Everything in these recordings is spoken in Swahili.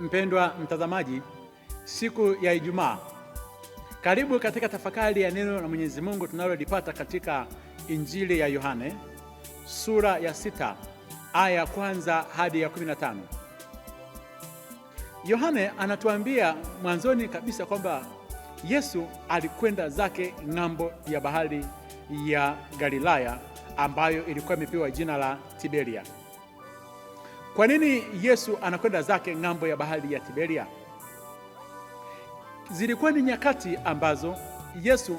Mpendwa mtazamaji, siku ya Ijumaa, karibu katika tafakari ya neno la Mwenyezi Mungu tunalolipata katika Injili ya Yohane sura ya sita aya ya kwanza hadi ya kumi na tano. Yohane anatuambia mwanzoni kabisa kwamba Yesu alikwenda zake ng'ambo ya bahari ya Galilaya ambayo ilikuwa imepewa jina la Tiberia. Kwa nini Yesu anakwenda zake ng'ambo ya bahari ya Tiberia? Zilikuwa ni nyakati ambazo Yesu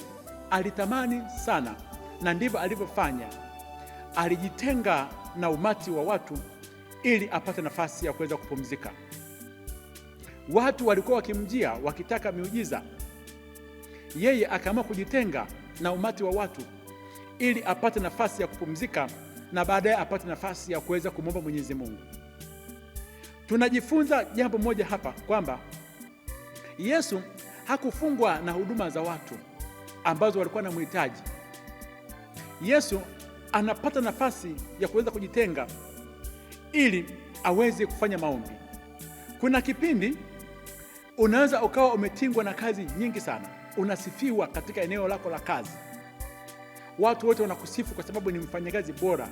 alitamani sana, na ndivyo alivyofanya. Alijitenga na umati wa watu ili apate nafasi ya kuweza kupumzika. Watu walikuwa wakimjia wakitaka miujiza, yeye akaamua kujitenga na umati wa watu ili apate nafasi ya kupumzika na baadaye apate nafasi ya kuweza kumwomba Mwenyezi Mungu. Tunajifunza jambo moja hapa kwamba Yesu hakufungwa na huduma za watu ambazo walikuwa na mhitaji. Yesu anapata nafasi ya kuweza kujitenga ili aweze kufanya maombi. Kuna kipindi unaweza ukawa umetingwa na kazi nyingi sana, unasifiwa katika eneo lako la kazi, watu wote wanakusifu kwa sababu ni mfanyakazi bora,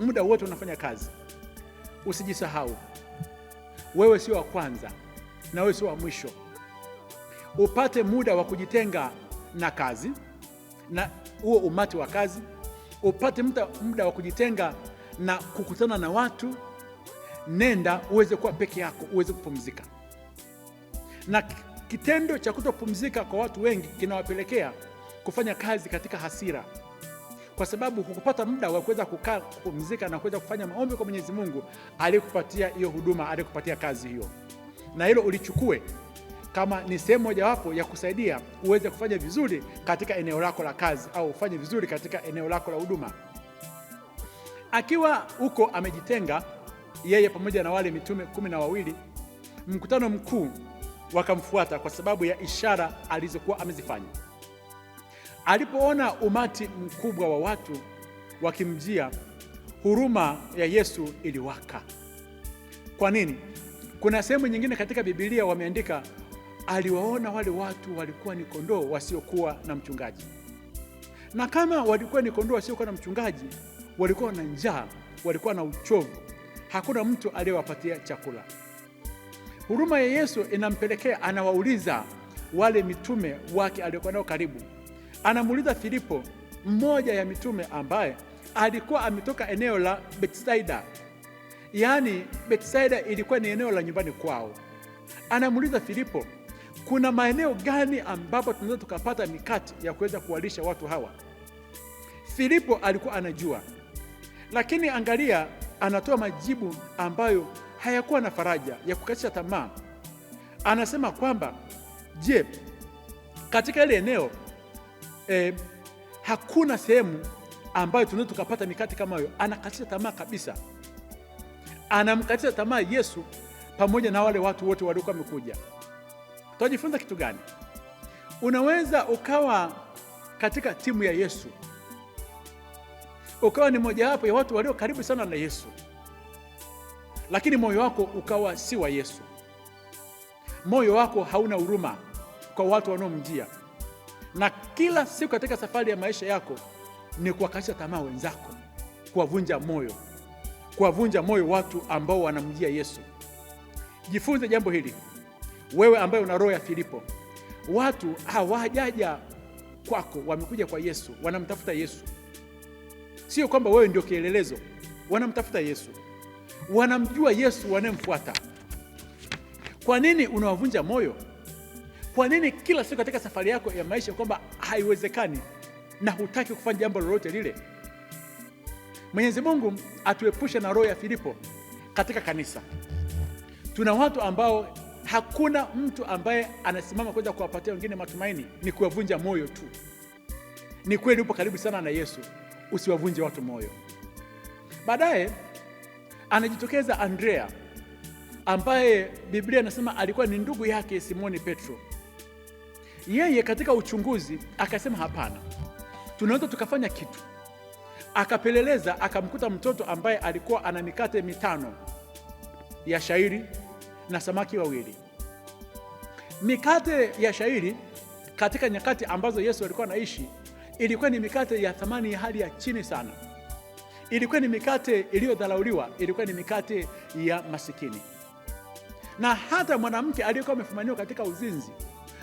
muda wote unafanya kazi. Usijisahau. Wewe sio wa kwanza na wewe sio wa mwisho. Upate muda wa kujitenga na kazi na huo umati wa kazi, upate muda wa kujitenga na kukutana na watu. Nenda uweze kuwa peke yako, uweze kupumzika. Na kitendo cha kutopumzika kwa watu wengi kinawapelekea kufanya kazi katika hasira kwa sababu hukupata muda wa kuweza kukaa kupumzika na kuweza kufanya maombi kwa Mwenyezi Mungu aliyekupatia hiyo huduma, aliyekupatia kazi hiyo, na hilo ulichukue kama ni sehemu mojawapo ya kusaidia uweze kufanya vizuri katika eneo lako la kazi au ufanye vizuri katika eneo lako la huduma. Akiwa huko amejitenga yeye pamoja na wale mitume kumi na wawili, mkutano mkuu wakamfuata kwa sababu ya ishara alizokuwa amezifanya. Alipoona umati mkubwa wa watu wakimjia, huruma ya Yesu iliwaka. Kwa nini? Kuna sehemu nyingine katika Biblia wameandika aliwaona wale watu walikuwa ni kondoo wasiokuwa na mchungaji, na kama walikuwa ni kondoo wasiokuwa na mchungaji, walikuwa na njaa, walikuwa na uchovu, hakuna mtu aliyewapatia chakula. Huruma ya Yesu inampelekea, anawauliza wale mitume wake aliokuwa nao karibu anamuuliza Filipo, mmoja ya mitume ambaye alikuwa ametoka eneo la Betsaida, yaani Betsaida ilikuwa ni eneo la nyumbani kwao. Anamuuliza Filipo, kuna maeneo gani ambapo tunaweza tukapata mikate ya kuweza kuwalisha watu hawa? Filipo alikuwa anajua, lakini angalia, anatoa majibu ambayo hayakuwa na faraja ya kukatisha tamaa. Anasema kwamba je, katika ile eneo eh, hakuna sehemu ambayo tunaweza tukapata mikate kama hiyo. Anakatisha tamaa kabisa, anamkatisha tamaa Yesu pamoja na wale watu wote waliokuwa wamekuja. Tunajifunza kitu gani? Unaweza ukawa katika timu ya Yesu, ukawa ni mojawapo ya watu walio karibu sana na Yesu, lakini moyo wako ukawa si wa Yesu. Moyo wako hauna huruma kwa watu wanaomjia na kila siku katika safari ya maisha yako ni kuwakatisha tamaa wenzako, kuwavunja moyo, kuwavunja moyo watu ambao wanamjia Yesu. Jifunze jambo hili, wewe ambaye una roho ya Filipo. Watu hawajaja kwako, wamekuja kwa Yesu, wanamtafuta Yesu. Sio kwamba wewe ndio kielelezo, wanamtafuta Yesu, wanamjua Yesu, wanayemfuata. Kwa nini unawavunja moyo? Kwa nini kila siku katika safari yako ya maisha kwamba haiwezekani na hutaki kufanya jambo lolote lile? Mwenyezi Mungu atuepushe na roho ya Filipo katika kanisa. Tuna watu ambao hakuna mtu ambaye anasimama kuweza kuwapatia wengine matumaini, ni kuwavunja moyo tu. Ni kweli upo karibu sana na Yesu, usiwavunje watu moyo. Baadaye anajitokeza Andrea ambaye Biblia inasema alikuwa ni ndugu yake Simoni Petro. Yeye katika uchunguzi akasema hapana, tunaweza tukafanya kitu. Akapeleleza, akamkuta mtoto ambaye alikuwa ana mikate mitano ya shairi na samaki wawili. Mikate ya shairi katika nyakati ambazo Yesu alikuwa anaishi ilikuwa ni mikate ya thamani ya hali ya chini sana. Ilikuwa ni mikate iliyodharauliwa, ilikuwa ni mikate ya masikini. Na hata mwanamke aliyekuwa amefumaniwa katika uzinzi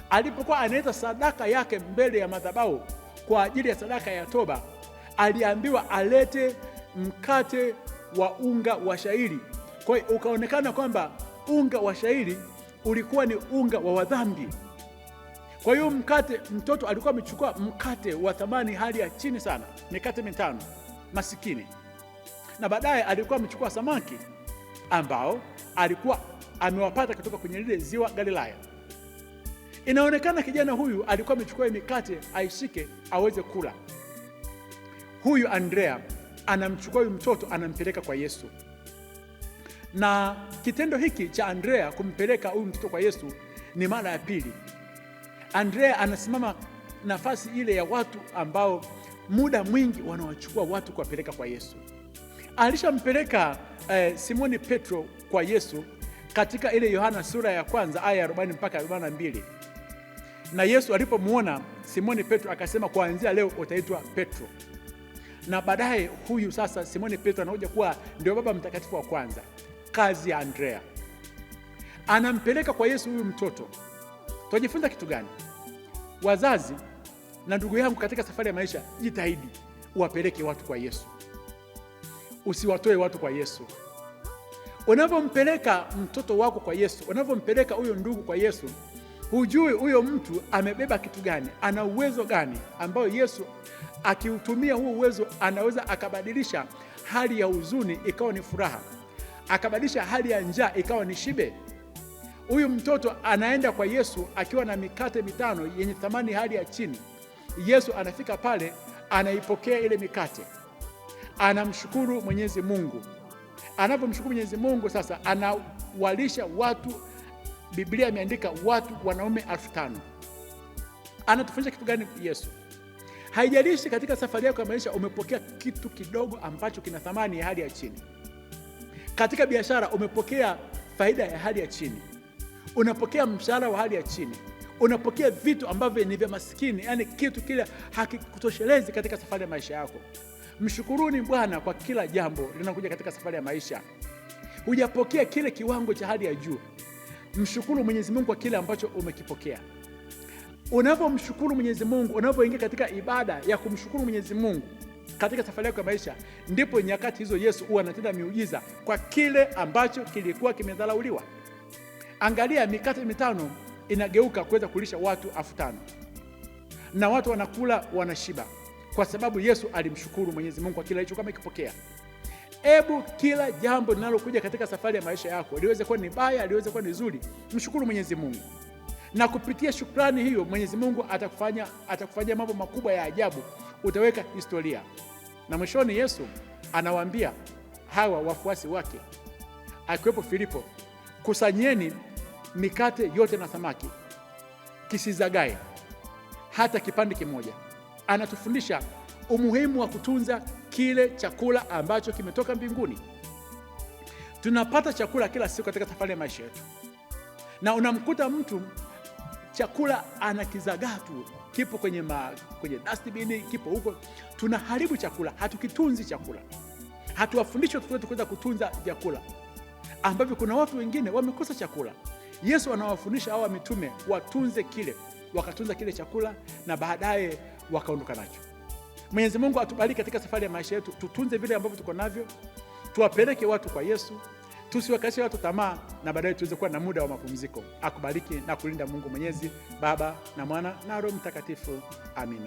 alipokuwa analeta sadaka yake mbele ya madhabahu kwa ajili ya sadaka ya toba, aliambiwa alete mkate wa unga wa shairi. Kwa hiyo ukaonekana kwamba unga wa shairi ulikuwa ni unga wa wadhambi. Kwa hiyo mkate, mtoto alikuwa amechukua mkate wa thamani hali ya chini sana, mikate mitano masikini, na baadaye alikuwa amechukua samaki ambao alikuwa amewapata kutoka kwenye lile ziwa Galilaya. Inaonekana kijana huyu alikuwa amechukua mikate aishike aweze kula. Huyu Andrea anamchukua huyu mtoto anampeleka kwa Yesu, na kitendo hiki cha Andrea kumpeleka huyu mtoto kwa Yesu ni mara ya pili. Andrea anasimama nafasi ile ya watu ambao muda mwingi wanawachukua watu kuwapeleka kwa Yesu. Alishampeleka eh, Simoni Petro kwa Yesu katika ile Yohana sura ya kwanza aya 40 mpaka 42. Na Yesu alipomwona Simoni Petro akasema, kuanzia leo utaitwa Petro. Na baadaye huyu sasa Simoni Petro anakuja kuwa ndio baba mtakatifu wa kwanza, kazi ya Andrea. Anampeleka kwa Yesu huyu mtoto. Tunajifunza kitu gani? Wazazi na ndugu yangu, katika safari ya maisha, jitahidi uwapeleke watu kwa Yesu, usiwatoe watu kwa Yesu. Unavyompeleka mtoto wako kwa Yesu, unavyompeleka huyo ndugu kwa Yesu, Hujui huyo mtu amebeba kitu gani, ana uwezo gani ambayo Yesu akiutumia huo uwezo anaweza akabadilisha hali ya huzuni ikawa ni furaha, akabadilisha hali ya njaa ikawa ni shibe. Huyu mtoto anaenda kwa Yesu akiwa na mikate mitano yenye thamani hali ya chini. Yesu anafika pale, anaipokea ile mikate, anamshukuru Mwenyezi Mungu. Anapomshukuru Mwenyezi Mungu, sasa anawalisha watu Biblia imeandika watu wanaume elfu tano. Anatufundisha kitu gani Yesu? Haijalishi katika safari yako ya maisha umepokea kitu kidogo ambacho kina thamani ya hali ya chini. Katika biashara umepokea faida ya hali ya chini, unapokea mshahara wa hali ya chini, unapokea vitu ambavyo ni vya masikini yaani kitu kile hakikutoshelezi katika safari ya maisha yako. Mshukuruni Bwana kwa kila jambo linakuja katika safari ya maisha. Hujapokea kile kiwango cha hali ya juu. Mshukuru Mwenyezi Mungu kwa kile ambacho umekipokea. Unapomshukuru Mwenyezi Mungu, unapoingia katika ibada ya kumshukuru Mwenyezi Mungu katika safari yako ya maisha, ndipo nyakati hizo Yesu huwa anatenda miujiza kwa kile ambacho kilikuwa kimedharauliwa. Angalia, mikate mitano inageuka kuweza kulisha watu elfu tano na watu wanakula wanashiba, kwa sababu Yesu alimshukuru Mwenyezi Mungu kwa kile alichokuwa amekipokea ebu kila jambo linalokuja katika safari ya maisha yako liweze kuwa ni baya, liweze kuwa ni zuri, mshukuru Mwenyezi Mungu, na kupitia shukrani hiyo Mwenyezi Mungu atakufanya atakufanyia mambo makubwa ya ajabu, utaweka historia. Na mwishoni, Yesu anawaambia hawa wafuasi wake akiwepo Filipo, kusanyeni mikate yote na samaki, kisizagae hata kipande kimoja. Anatufundisha umuhimu wa kutunza kile chakula ambacho kimetoka mbinguni. Tunapata chakula kila siku katika safari ya maisha yetu, na unamkuta mtu chakula anakizagaa tu, kipo kwenye, ma, kwenye dustbin kipo huko. Tunaharibu chakula, hatukitunzi chakula, hatuwafundishi watoto wetu kuweza kutunza vyakula ambavyo kuna watu wengine wamekosa chakula. Yesu anawafundisha hawa mitume watunze kile, wakatunza kile chakula na baadaye wakaondoka nacho. Mwenyezi Mungu atubariki katika safari ya maisha yetu, tutunze vile ambavyo tuko navyo, tuwapeleke watu kwa Yesu, tusiwakashe watu tamaa, na baadaye tuweze kuwa na muda wa mapumziko. Akubariki na kulinda Mungu Mwenyezi, Baba na Mwana na Roho Mtakatifu. Amina.